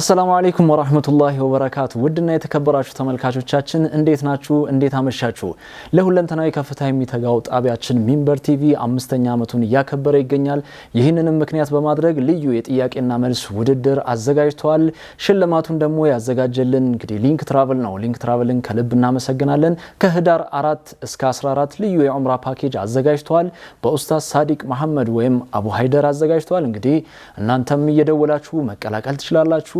አሰላሙ አለይኩም ወራህመቱላሂ ወበረካቱ። ውድና የተከበራችሁ ተመልካቾቻችን እንዴት ናችሁ? እንዴት አመሻችሁ? ለሁለንተናዊ ከፍታ የሚተጋው ጣቢያችን ሚንበር ቲቪ አምስተኛ ዓመቱን እያከበረ ይገኛል። ይህንንም ምክንያት በማድረግ ልዩ የጥያቄና መልስ ውድድር አዘጋጅተዋል። ሽልማቱን ደግሞ ያዘጋጀልን እንግዲህ ሊንክ ትራቭል ነው። ሊንክ ትራቭልን ከልብ እናመሰግናለን። ከህዳር አራት እስከ 14 ልዩ የዑምራ ፓኬጅ አዘጋጅተዋል። በኡስታዝ ሳዲቅ መሐመድ ወይም አቡ ሀይደር አዘጋጅተዋል። እንግዲህ እናንተም እየደወላችሁ መቀላቀል ትችላላችሁ።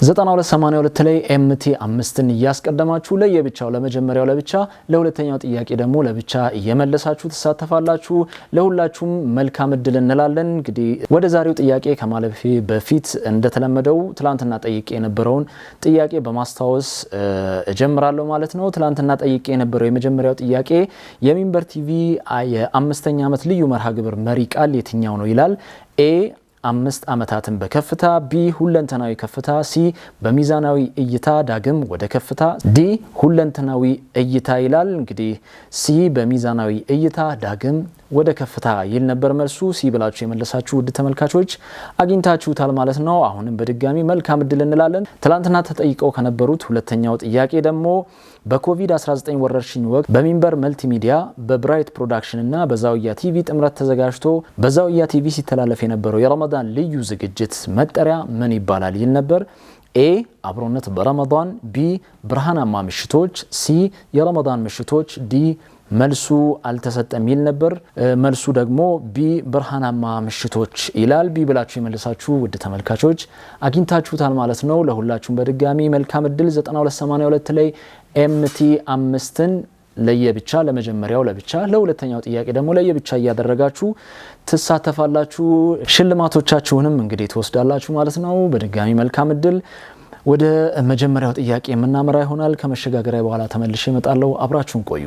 9282 ላይ ኤምቲ አምስትን እያስቀደማችሁ ለየብቻው ለመጀመሪያው ለብቻ ለሁለተኛው ጥያቄ ደግሞ ለብቻ እየመለሳችሁ ትሳተፋላችሁ። ለሁላችሁም መልካም እድል እንላለን። እንግዲህ ወደ ዛሬው ጥያቄ ከማለፊ በፊት እንደተለመደው ትላንትና ጠይቄ የነበረውን ጥያቄ በማስታወስ እጀምራለሁ ማለት ነው። ትላንትና ጠይቄ የነበረው የመጀመሪያው ጥያቄ የሚንበር ቲቪ የአምስተኛ ዓመት ልዩ መርሃ ግብር መሪ ቃል የትኛው ነው ይላል። ኤ አምስት ዓመታትን በከፍታ ቢ ሁለንተናዊ ከፍታ ሲ በሚዛናዊ እይታ ዳግም ወደ ከፍታ ዲ ሁለንተናዊ እይታ ይላል። እንግዲህ ሲ በሚዛናዊ እይታ ዳግም ወደ ከፍታ ይል ነበር መልሱ። ሲ ብላችሁ የመለሳችሁ ውድ ተመልካቾች አግኝታችሁታል ማለት ነው። አሁንም በድጋሚ መልካም እድል እንላለን። ትላንትና ተጠይቀው ከነበሩት ሁለተኛው ጥያቄ ደግሞ በኮቪድ-19 ወረርሽኝ ወቅት በሚንበር መልቲሚዲያ በብራይት ፕሮዳክሽን እና በዛውያ ቲቪ ጥምረት ተዘጋጅቶ በዛውያ ቲቪ ሲተላለፍ የነበረው የረመ የረመዳን ልዩ ዝግጅት መጠሪያ ምን ይባላል ይል ነበር። ኤ አብሮነት በረመዳን፣ ቢ ብርሃናማ ምሽቶች፣ ሲ የረመዳን ምሽቶች፣ ዲ መልሱ አልተሰጠም ይል ነበር። መልሱ ደግሞ ቢ ብርሃናማ ምሽቶች ይላል። ቢ ብላችሁ የመለሳችሁ ውድ ተመልካቾች አግኝታችሁታል ማለት ነው። ለሁላችሁም በድጋሚ መልካም እድል 9282 ላይ ኤምቲ አምስትን ለየብቻ ለመጀመሪያው ለብቻ ለሁለተኛው ጥያቄ ደግሞ ለየብቻ እያደረጋችሁ ትሳተፋላችሁ። ሽልማቶቻችሁንም እንግዲህ ትወስዳላችሁ ማለት ነው። በድጋሚ መልካም እድል። ወደ መጀመሪያው ጥያቄ የምናመራ ይሆናል። ከመሸጋገሪያ በኋላ ተመልሼ እመጣለሁ። አብራችሁን ቆዩ።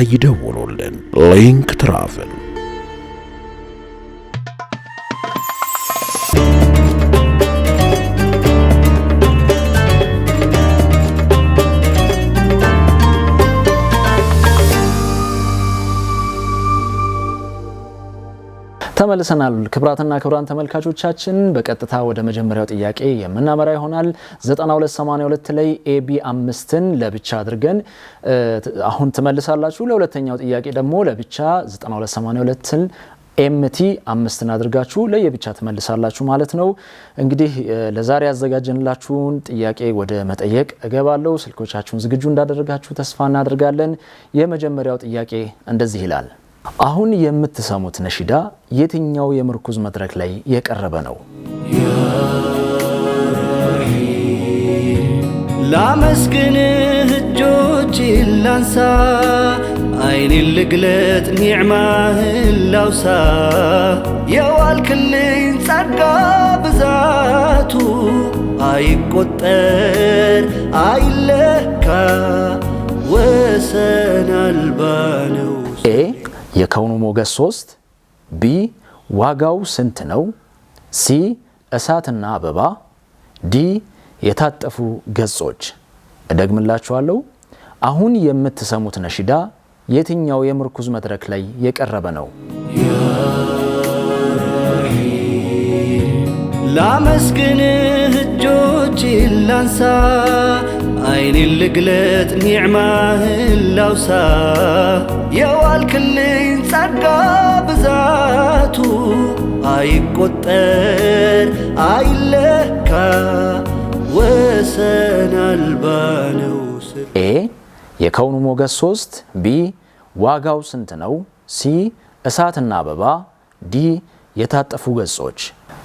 ላይ ይደውሉልን። ሊንክ ትራቭል ተመልሰናል። ክብራትና ክብራን ተመልካቾቻችን በቀጥታ ወደ መጀመሪያው ጥያቄ የምናመራ ይሆናል። 9282 ላይ ኤቢ አምስትን ለብቻ አድርገን አሁን ትመልሳላችሁ። ለሁለተኛው ጥያቄ ደግሞ ለብቻ 9282ን ኤምቲ አምስትን አድርጋችሁ ለየብቻ ትመልሳላችሁ ማለት ነው። እንግዲህ ለዛሬ ያዘጋጀንላችሁን ጥያቄ ወደ መጠየቅ እገባለሁ። ስልኮቻችሁን ዝግጁ እንዳደረጋችሁ ተስፋ እናደርጋለን። የመጀመሪያው ጥያቄ እንደዚህ ይላል አሁን የምትሰሙት ነሽዳ የትኛው የምርኩዝ መድረክ ላይ የቀረበ ነው? ላመስግንህ እጆች ላንሳ አይኔ ልግለጥ ኒዕማህን ላውሳ የዋልክልኝ ጸጋ ብዛቱ አይቆጠር አይለካ ወሰን አልባ ነው። የከውኑ ሞገስ ሶስት ቢ ዋጋው ስንት ነው? ሲ እሳትና አበባ ዲ የታጠፉ ገጾች። እደግምላችኋለሁ። አሁን የምትሰሙት ነሽዳ የትኛው የምርኩዝ መድረክ ላይ የቀረበ ነው? ላመስግንህ እጆችን ላንሳ አይኔን ልግለጥ ኒዕማህን ላውሳ የዋልክልኝ ጸጋ ብዛቱ አይቆጠር አይለካ ወሰን አልባ ነው። ኤ የከውኑ ሞገስ ሶስት ቢ ዋጋው ስንት ነው? ሲ እሳትና አበባ ዲ የታጠፉ ገጾች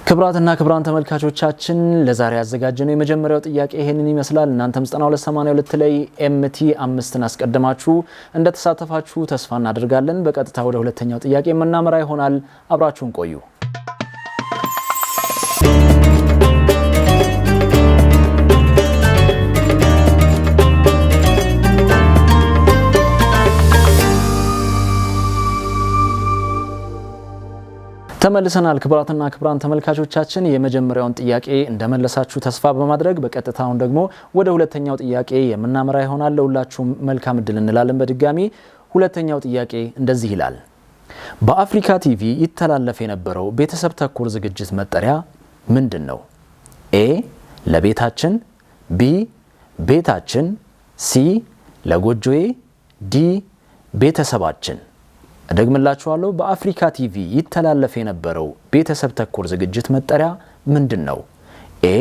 ክብራትና ክብራን ተመልካቾቻችን ለዛሬ ያዘጋጀነው የመጀመሪያው ጥያቄ ይሄንን ይመስላል። እናንተም 9282 ላይ ኤምቲ አምስትን አስቀድማችሁ እንደተሳተፋችሁ ተስፋ እናደርጋለን። በቀጥታ ወደ ሁለተኛው ጥያቄ የምናመራ ይሆናል። አብራችሁን ቆዩ። ተመልሰናል። ክቡራትና ክቡራን ተመልካቾቻችን የመጀመሪያውን ጥያቄ እንደመለሳችሁ ተስፋ በማድረግ በቀጥታውን ደግሞ ወደ ሁለተኛው ጥያቄ የምናመራ ይሆናል። ለሁላችሁም መልካም እድል እንላለን። በድጋሚ ሁለተኛው ጥያቄ እንደዚህ ይላል። በአፍሪካ ቲቪ ይተላለፍ የነበረው ቤተሰብ ተኮር ዝግጅት መጠሪያ ምንድን ነው? ኤ ለቤታችን፣ ቢ ቤታችን፣ ሲ ለጎጆዬ፣ ዲ ቤተሰባችን እደግምላችኋለሁ። በአፍሪካ ቲቪ ይተላለፍ የነበረው ቤተሰብ ተኮር ዝግጅት መጠሪያ ምንድን ነው? ኤ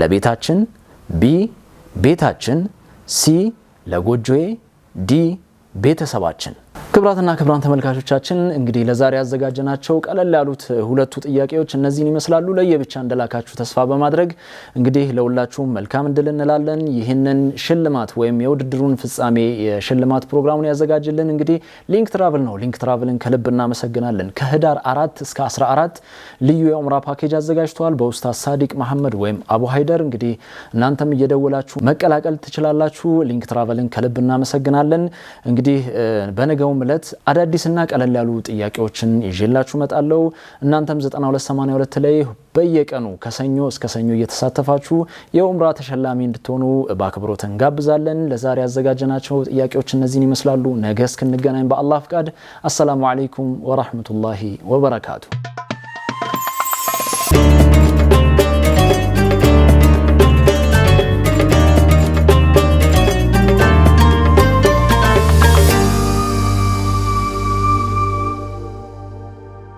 ለቤታችን፣ ቢ ቤታችን፣ ሲ ለጎጆዬ፣ ዲ ቤተሰባችን ክብራትና ክብራን ተመልካቾቻችን እንግዲህ ለዛሬ ያዘጋጀናቸው ቀለል ያሉት ሁለቱ ጥያቄዎች እነዚህን ይመስላሉ። ለየብቻ እንደላካችሁ ተስፋ በማድረግ እንግዲህ ለሁላችሁም መልካም እድል እንላለን። ይህንን ሽልማት ወይም የውድድሩን ፍጻሜ የሽልማት ፕሮግራሙን ያዘጋጅልን እንግዲህ ሊንክ ትራቭል ነው። ሊንክ ትራቭልን ከልብ እናመሰግናለን። ከህዳር አራት እስከ 14 ልዩ የኡምራ ፓኬጅ አዘጋጅተዋል። በውስታ ሳዲቅ መሐመድ ወይም አቡ ሀይደር እንግዲህ እናንተም እየደወላችሁ መቀላቀል ትችላላችሁ። ሊንክ ትራቭልን ከልብ እናመሰግናለን። እንግዲህ በነገውም ዕለት አዳዲስና ቀለል ያሉ ጥያቄዎችን ይዤላችሁ መጣለው። እናንተም 9282 ላይ በየቀኑ ከሰኞ እስከ ሰኞ እየተሳተፋችሁ የኡምራ ተሸላሚ እንድትሆኑ በአክብሮት እንጋብዛለን። ለዛሬ ያዘጋጀናቸው ጥያቄዎች እነዚህን ይመስላሉ። ነገ እስክንገናኝ በአላህ ፍቃድ፣ አሰላሙ አለይኩም ወራህመቱላሂ ወበረካቱ።